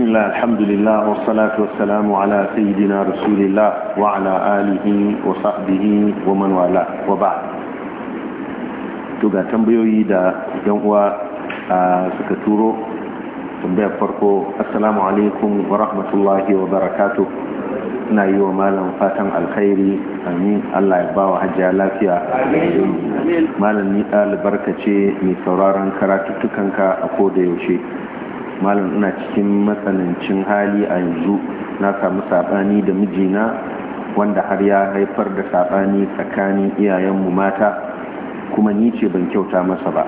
بسم الله الحمد لله والصلاة والسلام على سيدنا رسول الله وعلى آله وصحبه ومن والاه وبعد tuga tambayoyi da yan uwa suka turo tambayar farko assalamu alaikum wa rahmatullahi wa barakatuh ina yiwa wa malam fatan alkhairi amin Allah ya bawa hajjiya lafiya malam ni albarka ce mai sauraron karatuttukanka a ko da yaushe malam ina cikin matsanancin hali a yanzu na samu saɓani da mijina wanda har ya haifar da saɓani tsakanin iyayenmu mata kuma ni ce ban kyauta masa ba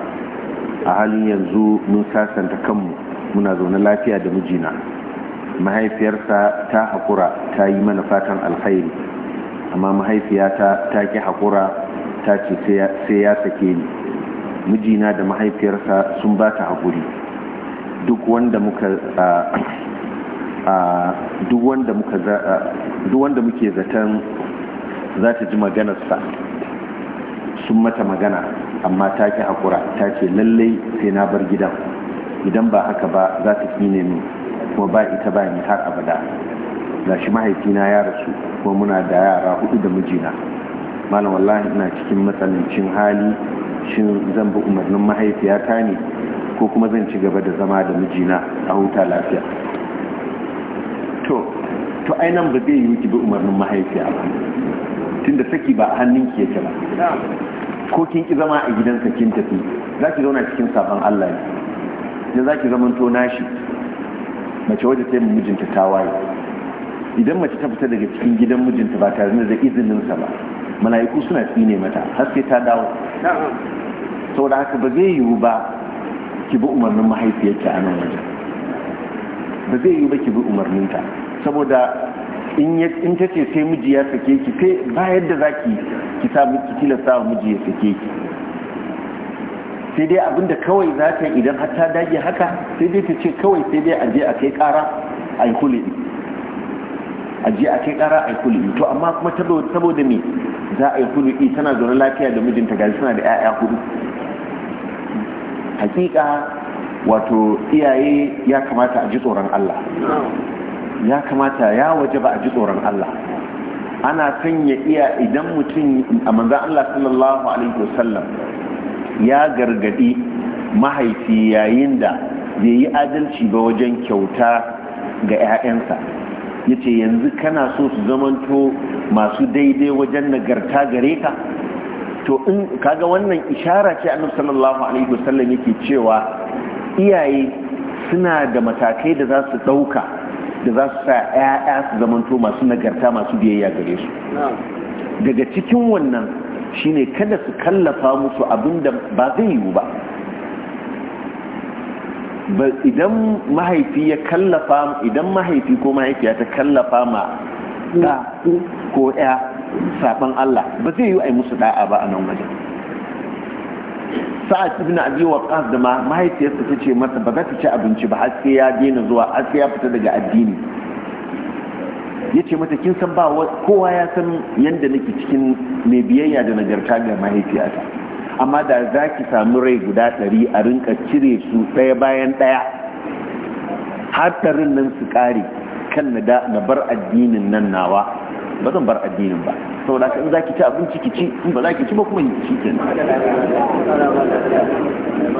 a halin yanzu mun sasanta kanmu muna zaune lafiya da mijina mahaifiyarsa ta haƙura ta yi mana fatan alkhairi amma mahaifiyata ta ki haƙura ta ce sai ya sake ni mijina da mahaifiyarsa sun ba ta haƙuri duk wanda muke zaton za ta ji maganarsa sun mata magana amma ta ki haƙura ta ce lallai sai na bar gidan idan ba haka ba za ta fi nemi kuma ba ita ba ni har abada ga shi mahaifina ya rasu kuma muna da yara hudu da mijina malam na cikin matsanancin hali shin zan bi umarnin mahaifiyata ne ko kuma zan ci gaba da zama da mijina a huta lafiya to to ai nan ba zai yi ki bi umarnin mahaifiya ba tunda saki ba a hannun ki yake ba ko kin ki zama a gidansa kin tafi za ki zauna cikin sabon Allah ne da za ki zama to nashi mace wadda ta yi mijinta ta waye idan mace ta fita daga cikin gidan mijinta ba tare da sa ba mala'iku suna tsine mata har sai ta dawo saboda haka ba zai yiwu ba ki bi umarnin mahaifiyarki a nan wajen ba zai yi ba ki bi umarninta saboda in ta ce sai miji ya sake ki sai ba yadda za ki ki samu ki tilasta miji ya sake ki sai dai abinda kawai za ta idan har ta dage haka sai dai ta ce kawai sai dai a je a kai kara a yi kulli a je a kai kara a yi kulli to amma kuma saboda me za a yi kulli eh, tana zaune lafiya da mijinta gaji suna da 'ya'ya hudu hakika wato iyaye ya kamata a ji tsoron Allah ya kamata ya waje ba a ji tsoron Allah ana sanya iya idan mutum a manzan Allah sallallahu alaihi wasallam ya gargadi mahaifi yayin da bai yi adalci ba wajen kyauta ga 'ya'yansa ya ce yanzu kana so su zamanto masu daidai wajen nagarta gare ka to in kaga wannan ishara ce annabi sallallahu alaihi wasallam yake cewa iyaye suna da matakai da za su dauka da za su sa ƴaƴa su zamanto masu nagarta masu biyayya gare su daga cikin wannan shine kada su kallafa musu abinda ba zai yiwu ba idan mahaifi ya kallafa idan mahaifi ko mahaifiya ta kallafa ma ɗa ko ya saban Allah ba zai yi wa yi musu da'a ba a nan wajen sa'ad ibn abi waqqas da ma mahaifiyarsa ta ce masa ba za ta ci abinci ba haske ya daina zuwa haske ya fita daga addini Ya ce mata kin san ba kowa ya san yadda nake cikin mai biyayya da nagarta ga mahaifiyata amma da za ki samu rai guda ɗari a rinka cire su ɗaya bayan ɗaya har ɗarin nan su ƙare kan na bar addinin nan nawa ba zan bar addinin ba saboda in za ki ci abinci ki ci in ba za ci ba kuma ki ci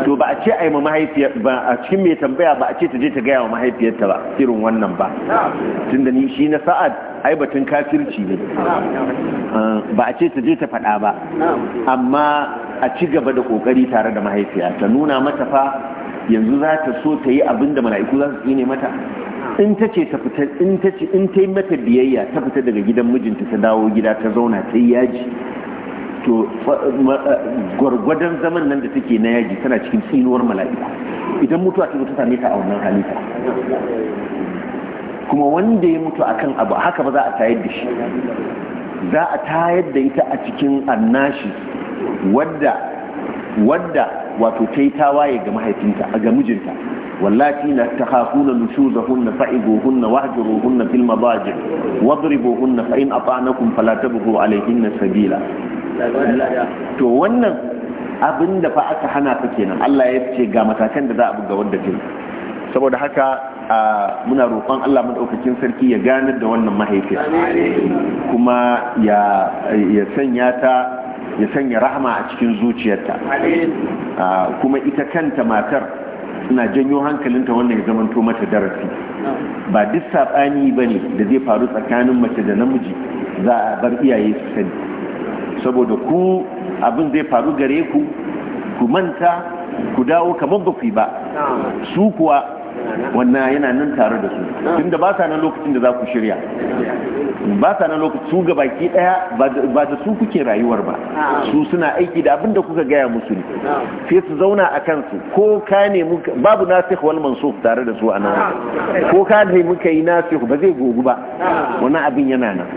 to ba a ce a yi mahaifiyar ba a cikin mai tambaya ba a ce ta je ta gaya wa mahaifiyarta ba irin wannan ba tunda ni shi na sa'ad ai batun kafirci ne eh, ba a ce ta je ta faɗa ba amma a ci gaba da kokari tare da mahaifiya ta nuna mata fa yanzu za ta so ta yi abin da mala'iku za su yi ne mata in ta ce ta fita in ta ce in ta yi mata biyayya ta fita daga gidan mijinta ta dawo gida ta zauna ta yi yaji to eh, gwargwadon zaman nan da take na yaji tana cikin tsinuwar mala'ika idan mutuwa ta ta same ta a wannan halitta kuma wanda ya mutu akan abu haka ba za a tayar da shi za a tayar da ita a cikin annashi wadda wadda wato ta yi tawaye ga mahaifinta ga mijinta واللاتي لا تخافون نشوزهن فعبوهن واهجروهن في المضاجع واضربوهن فإن أطعنكم فلا تبغوا عليهن سبيلا to wannan abin da fa aka hana ta kenan Allah ya ce ga matakan da za a buga wanda kin saboda haka muna roƙon Allah maɗaukakin sarki ya gane da wannan mahaifiya kuma ya ya sanya ta ya sanya rahama a cikin zuciyarta kuma ita kanta matar suna janyo hankalinta wannan ya zamanto mata darasi ba duk saɓani ba ne da zai faru tsakanin mace da namiji za a bar iyaye su sani saboda ku abin zai faru gare ku ku manta ku dawo kamar ba ku ba su kuwa wannan yana nan tare da su tunda ba sa nan lokacin da za ku shirya ba sa nan lokacin su ga baki daya ba da su kuke rayuwar ba su suna aiki da abin da kuka gaya musu ne sai su zauna a kansu ko ka ne babu nasikh wal mansukh tare da su a nan ko ka ne muka yi nasikh ba zai gogu ba wannan abin yana nan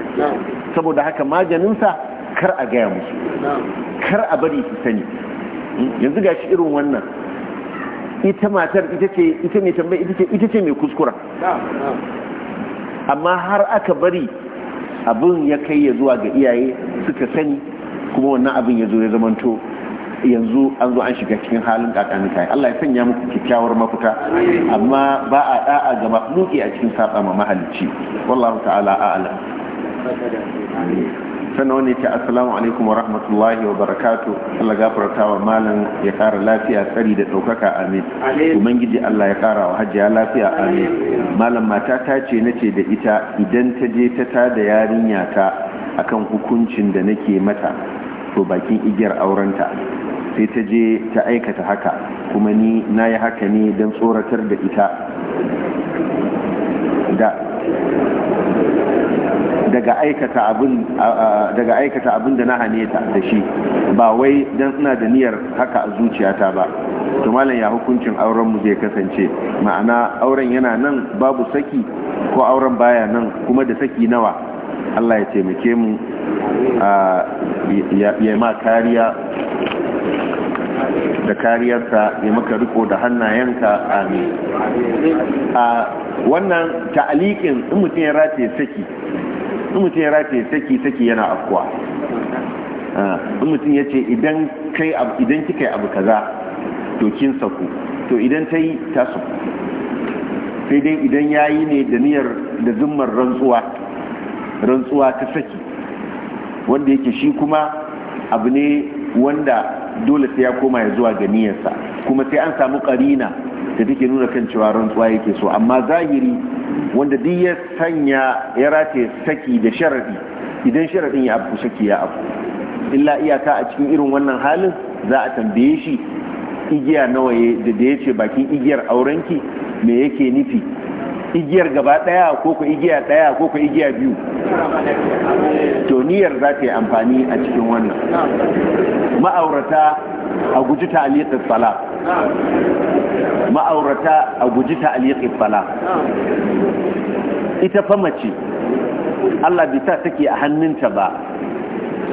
saboda haka maganin sa kar a gaya musu kar a bari su sani yanzu gashi irin wannan ita matar ita ce ita ne tambayi ita ce ita ce mai kuskura amma har aka bari abin ya kai ya zuwa ga iyaye suka sani kuma wannan abin ya zo ya zamanto yanzu an zo an shiga cikin halin kai Allah ya sanya muku kyakkyawar mafita amma ba a da'a ga makhluki a cikin saba ma mahalicci wallahu ta'ala a'lam sannan wani ce assalamu alaikum wa rahmatullahi wa barakatu Allah gafarta wa malam ya kara lafiya tsari da ɗaukaka amin ubangiji Allah ya kara wa hajjiya lafiya amin malam mata ta ce nace da ita idan ta je ta ta tada yarinya ta akan hukuncin da nake mata to bakin igiyar aurenta sai ta je ta aikata haka kuma ni na yi haka ne don tsoratar da ita da daga aikata abin da na hane ta da shi ba wai dan ina da niyyar haka a zuciyata ba to malam ya hukuncin auren mu zai kasance ma'ana auren yana nan babu saki ko auren baya nan kuma da saki nawa Allah ya taimake mu ya ma kariya da kariyarsa ya maka riko da hannayenka amin a wannan ta'aliƙin in mutum ya rataye saki in mutum ya rataye saki saki yana afkuwa ah, in mutum ya ce idan kai idan kika yi abu kaza to kin saku to idan ta yi ta saku sai dai idan ya yi ne da niyyar da zummar rantsuwa rantsuwa ta saki wanda yake shi kuma abu ne wanda dole sai ya koma ya zuwa ga niyyarsa kuma sai an samu karina da take nuna kan cewa rantsuwa yake so amma zahiri wanda duk ya sanya ya rata saki da sharadi idan sharadin ya abu saki ya abu illa iyaka a cikin irin wannan halin za a tambaye shi igiya nawa da da ya ce bakin igiyar aurenki me yake nufi igiyar gaba daya ko ku igiya daya ko ku igiya biyu to niyyar za ta yi amfani a cikin wannan ma'aurata a guji da salat ma'aurata a guji ta ta'aliƙi fala ita fa mace Allah bai ta take a hannunta ba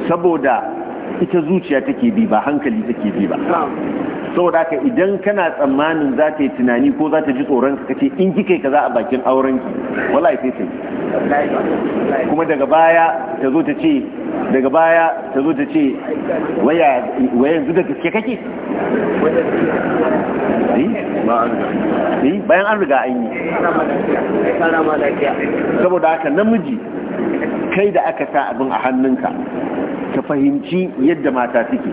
saboda ita zuciya take bi ba hankali take bi ba saboda haka idan kana tsammanin za ta yi tunani ko za ta ji tsoron ka kace in kike kaza a bakin auren ki wallahi sai sai kuma daga baya ta zo ta ce daga baya ta zo ta ce waya yanzu da gaske kake eh, eh, bayan an riga an yi saboda haka namiji kai da aka sa abin a hannunka ka fahimci yadda mata suke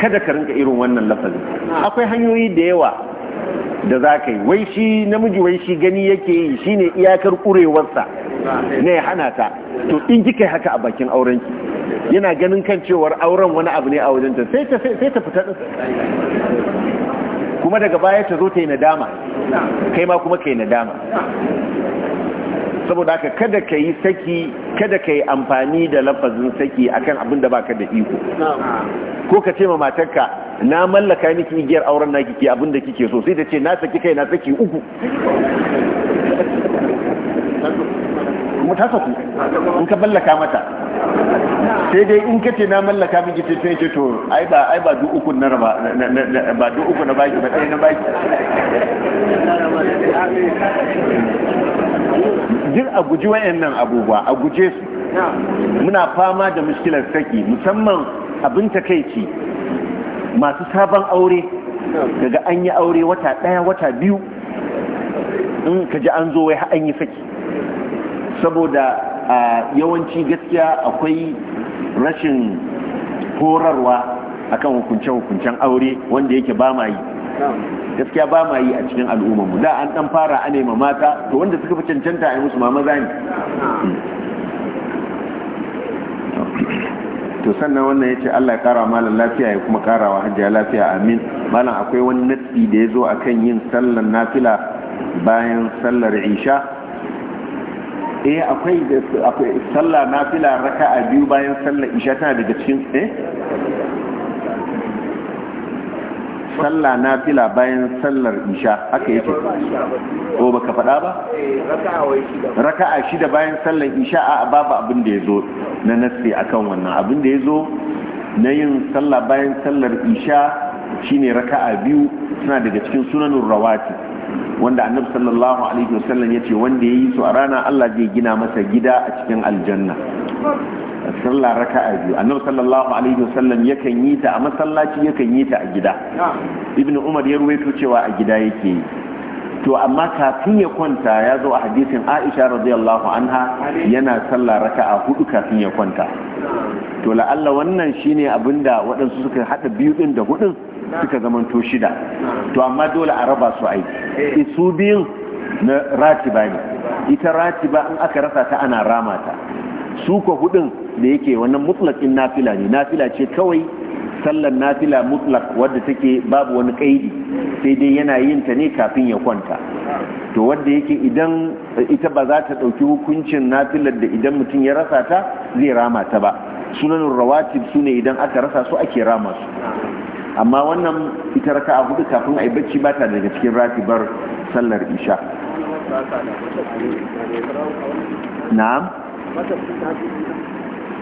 kada ka rinka irin wannan lafazin akwai hanyoyi da yawa da za ka yi wai shi namiji wai shi gani yake yi shine iyakar kurewarsa na ya hana ta to in kika kai haka a bakin aurenki yana ganin kan cewar auren wani abu ne a wajenta sai ta fita kuma daga baya ta zo ta yi nadama kai ma kuma ka yi nadama saboda haka kada ka yi saki kada ka yi amfani da lafazin saki akan abin da baka da iko ko ka ce ma matarka na mallaka miki igiyar auren naki ki abin da kike so sai ta ce na saki kai na saki uku kuma ta saku in ka mallaka mata sai dai in ka ce na mallaka miki ce ce to ai ba ai ba duk uku na raba ba duk uku na baki ba ɗaya na baki jir a guji wayannan abubuwa a guje su muna fama da muskilar saki musamman abin takaici masu sabon aure daga an yi aure wata ɗaya wata biyu in ka ji an zo wai an yi saki saboda yawanci gaskiya akwai rashin horarwa akan hukunce-hukuncen aure wanda yake ba ma yi gaskiya ba ma yi a cikin al'ummar da an dan fara a nema mata to wanda suka fi cancanta a yi musu ma maza ne to sannan wannan ya ce Allah ya kara malam lafiya ya kuma wa hajjiya lafiya amin malam akwai wani natsi da ya zo a kan yin sallar nafila bayan sallar isha eh akwai akwai nafila raka a biyu bayan sallar isha tana daga cikin eh sallah na fila bayan sallar isha haka yake ko baka faɗa ba raka'a shida bayan sallar isha a babu abin da ya zo na nasi akan wannan abin da ya zo na yin sallah bayan sallar isha shine raka'a biyu suna daga cikin sunanin rawati wanda annabi sallallahu alaihi wasallam ya wanda ya yi su a rana Allah zai gina masa gida a cikin aljanna sallah raka'a biyu annabi sallallahu alaihi wasallam yakan yi ta a masallaci yakan yi ta a gida Ibn umar ya ruwaito cewa a gida yake yi to amma kafin ya kwanta ya zo a hadisin aisha radiyallahu anha yana sallah raka'a hudu kafin ya kwanta to la'alla wannan shine abinda waɗansu suka haɗa biyu ɗin da hudun suka zamanto shida to amma dole a raba su aiki eh. su biyun na ratiba ne ita ratiba in aka rasa ta ana rama ta Suka ko hudun da yake wannan mutlaqin nafila ne nafila ce kawai sallar nafila mutlaq wadda take babu wani kaidi sai dai yana yin ta ne kafin ya kwanta to wadda yake idan ita ba za ta dauki hukuncin nafilar da idan mutum ya rasa ta zai rama ta ba sunanin rawatib sune idan aka rasa su ake rama su amma wannan ita raka a hudu kafin a yi bacci ba ta daga cikin ratibar sallar isha na'am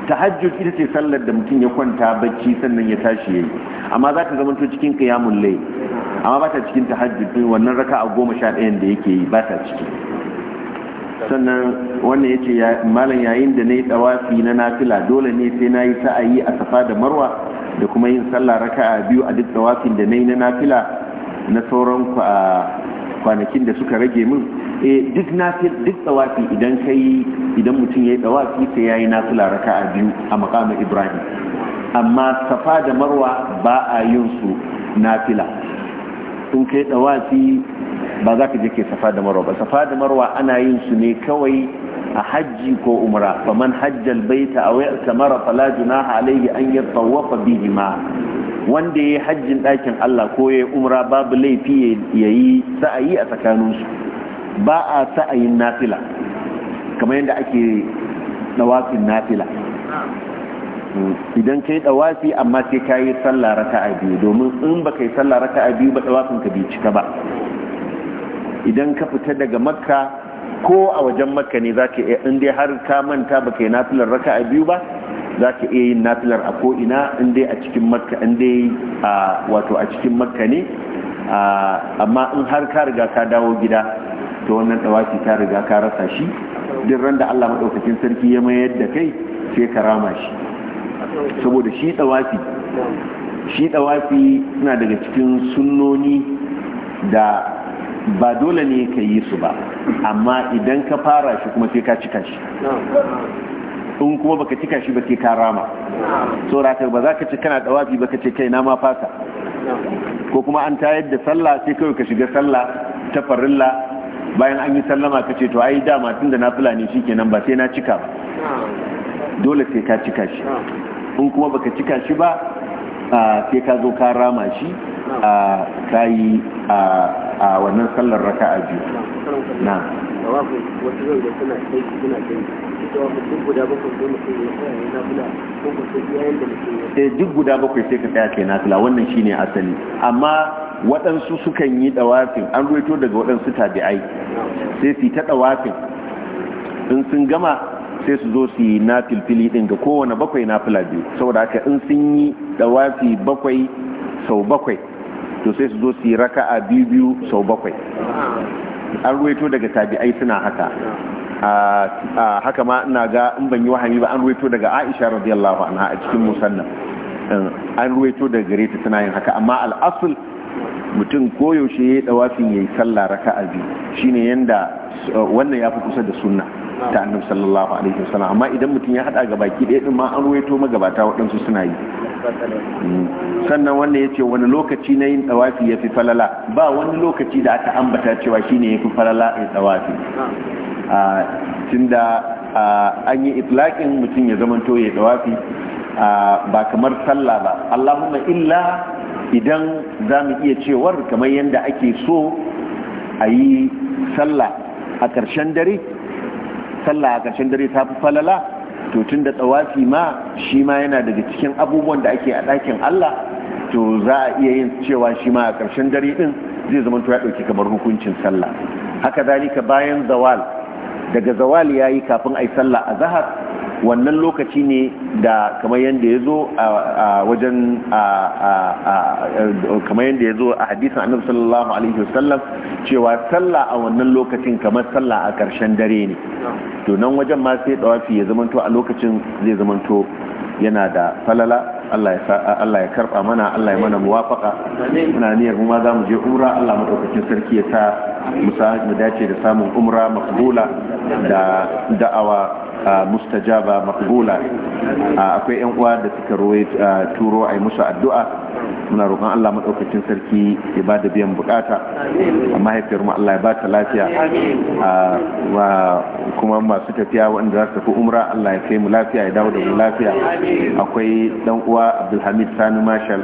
tahajjud ita ce sallar da mutum ya kwanta bacci sannan ya tashi yayi amma za ta zamanto cikin qiyamul layl amma ba ta cikin tahajjud din wannan raka'a goma sha ɗayan da yake yi ba ta ciki sannan wannan yace malam yayin da nayi dawafi na nafila dole ne sai na yi sa'ayi a safa da marwa da kuma yin sallah raka'a biyu a duk dawafin da nayi na nafila na sauran kwanakin da suka rage min eh duk nafil duk tsawafi idan kai idan mutum yayi tsawafi sai ya yi yayi nafila a biyu a maqamin Ibrahim amma safa da marwa ba a yin su nafila tun kai tsawafi ba za ka je ke safa da marwa ba safa da marwa ana yin su ne kawai a hajji ko umra man hajjal baita aw ya'tamara fala junaha alayhi an yatawaffa bihima wanda yayi hajjin dakin Allah ko yayi umra babu laifi yayi sa'ayi a tsakaninsu ba a sa'ayin nafila kamar yadda ake dawafin nafila idan ka yi dawafi amma sai ka yi sallah a biyu domin in ba ka kai sallah a biyu ba dawafin ka bai cika ba idan ka fita daga makka ko a wajen makka ne zaka iya in dai har ka manta ba kai nafilar raka a biyu ba ka iya yin nafilar a ko ina in dai a cikin makka inda wato a cikin makka ne amma in har ka riga ka dawo gida to wannan dawaki ta riga ka rasa shi duk ran da Allah madaukakin sarki ya mayar da kai sai ka shi saboda shi dawaki shi dawaki suna daga cikin sunnoni da ba dole ne ka yi su ba amma idan ka fara shi kuma sai ka cika shi in kuma baka cika shi ba sai ka rama ba za ka ci kana dawafi ba ka ce kai na ma fasa ko kuma an tayar da sallah sai kawai ka shiga sallah ta farilla bayan an yi sallama ka ce to ai dama tun da na fulani shi kenan ba sai na cika ba dole sai ka cika shi in kuma baka cika shi ba sai ka zo ka rama shi ka yi a wannan sallar raka a biyu na eh, duk guda bakwai sai ka tsaya kai nafila wannan shine asali amma waɗansu sukan yi ɗawafin an ruwaito daga waɗansu tabi'ai sai su yi ta ɗawafin in sun gama sai su zo su yi na filfili ɗin ga kowane bakwai na fila biyu saboda haka in sun yi ɗawafi bakwai sau bakwai to sai su zo su yi raka biyu biyu sau bakwai an ruwaito daga tabi'ai suna haka a haka ma ina ga in ban yi wahami ba an ruwaito daga aisha radiyallahu anha a cikin musannan an ruwaito daga gare ta tana yin haka amma al'asul mutum koyaushe ya yi dawafin ya yi sallah raka a biyu ne yanda uh, wannan ya fi kusa da sunna ta sallallahu alaihi wasallam amma idan mutum ya haɗa ga baki ɗaya din ma an ruwaito magabata waɗansu suna yi mm. sannan wannan ya ce wani lokaci na yin tsawafi ya fi falala ba wani lokaci da aka ambata cewa shi ne ya fi falala a tsawafi da an yi itlaƙin mutum ya zamanto ya tsawafi ba kamar sallah ba allahumma illa idan za mu iya cewar kamar yadda ake so a yi sallah a ƙarshen dare sallah a ƙarshen dare ta fi falala to tun da tsawafi ma shi ma yana daga cikin abubuwan da ake a ɗakin Allah to za a iya yin cewa shi ma a ƙarshen dare ɗin zai zama to ya ɗauki kamar hukuncin sallah haka zalika bayan zawal daga zawal ya yi kafin a yi sallah a zahar wannan lokaci ne da kamar yadda ya zo a wajen kamar yadda ya zo a hadisan annabi sallallahu alaihi wasallam cewa sallah a wannan lokacin kamar sallah a ƙarshen dare ne to nan wajen ma sai dawafi ya zamanto a lokacin zai zamanto yana da falala Allah ya karba mana Allah ya mana muwafaka muna niyyar mu ma za mu je umra Allah madaukakin sarki ya sa mu dace da samun umra maqbula da da'awa mustajaba maqbula akwai yan uwa da suka turo ai musu addu'a muna roƙon Allah madaukakin sarki ya ba da biyan bukata amma haifiyar mu Allah ya ba ta lafiya kuma masu tafiya wanda za su tafi umra Allah ya kai mu lafiya ya dawo da mu lafiya akwai dan uwa rasuwa abdulhamid sani mashal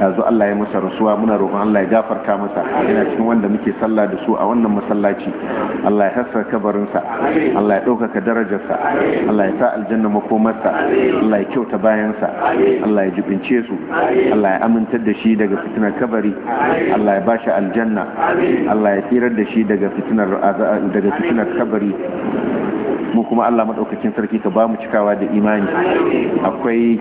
yanzu Allah ya masa rasuwa muna roƙon Allah ya gafarta masa yana cikin wanda muke sallah da su a wannan masallaci Allah ya hasa kabarinsa Allah ya ɗaukaka darajarsa Allah ya sa aljanna makomarsa Allah ya kyauta bayansa Allah ya jibince su Allah ya amintar da shi daga fitinar kabari Allah ya shi aljanna Allah ya tsirar da shi daga fitinar kabari mu kuma Allah madaukakin sarki ka ba mu cikawa da imani akwai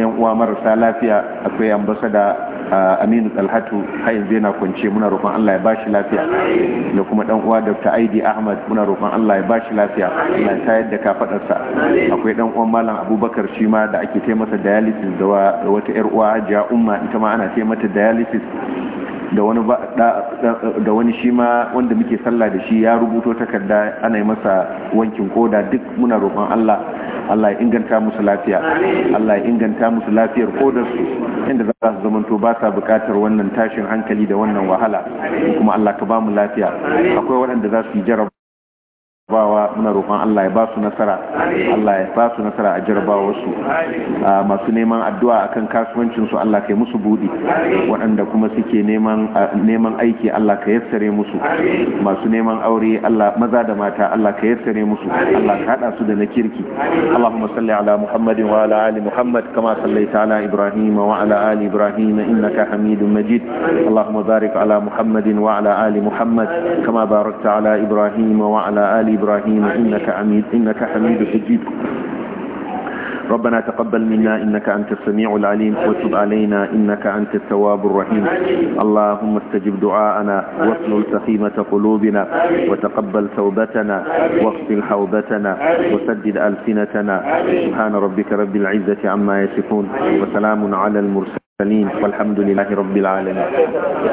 yan uwa marasa lafiya akwai ambasada Aminu Talhatu har zai na kwance muna roƙon Allah ya ba shi lafiya da kuma ɗan uwa Dr. Aidi Ahmad muna roƙon Allah ya ba shi lafiya Allah tayar da kafaɗarsa akwai ɗan uwan Malam Abubakar shi ma da ake taimaka dialysis da wata yar uwa Hajiya Umma ita ma ana taimaka dialysis da wani da shi ma wanda muke sallah da shi ya rubuto takarda ana yi masa wankin koda duk muna roƙon Allah Allah ya inganta musu lafiya Allah ya inganta musu lafiyar kodar su inda za su zamanto ba sa buƙatar wannan tashin hankali da wannan wahala kuma Allah ka ba mu lafiya akwai waɗanda za su yi jarab jarabawa muna roƙon Allah ya ba su nasara Allah ya ba su nasara a jarabawarsu masu neman addu'a akan kasuwancin su Allah kai musu buɗi waɗanda kuma suke neman neman aiki Allah ka yassare musu masu neman aure Allah maza da mata Allah ka yassare musu Allah ka hada su da na kirki Allahumma salli ala Muhammadin wa ala ali Muhammad kama sallaita ala Ibrahim wa ala ali Ibrahim innaka Hamidum Majid Allahumma barik ala Muhammadin wa ala ali Muhammad kama barakta ala Ibrahim wa ala ali إبراهيم إنك, عميد إنك حميد مجيد ربنا تقبل منا إنك أنت السميع العليم وتب علينا إنك أنت التواب الرحيم اللهم استجب دعاءنا واصل سخيمة قلوبنا وتقبل توبتنا واغفر حوبتنا وسدد ألسنتنا سبحان ربك رب العزة عما يصفون وسلام على المرسلين والحمد لله رب العالمين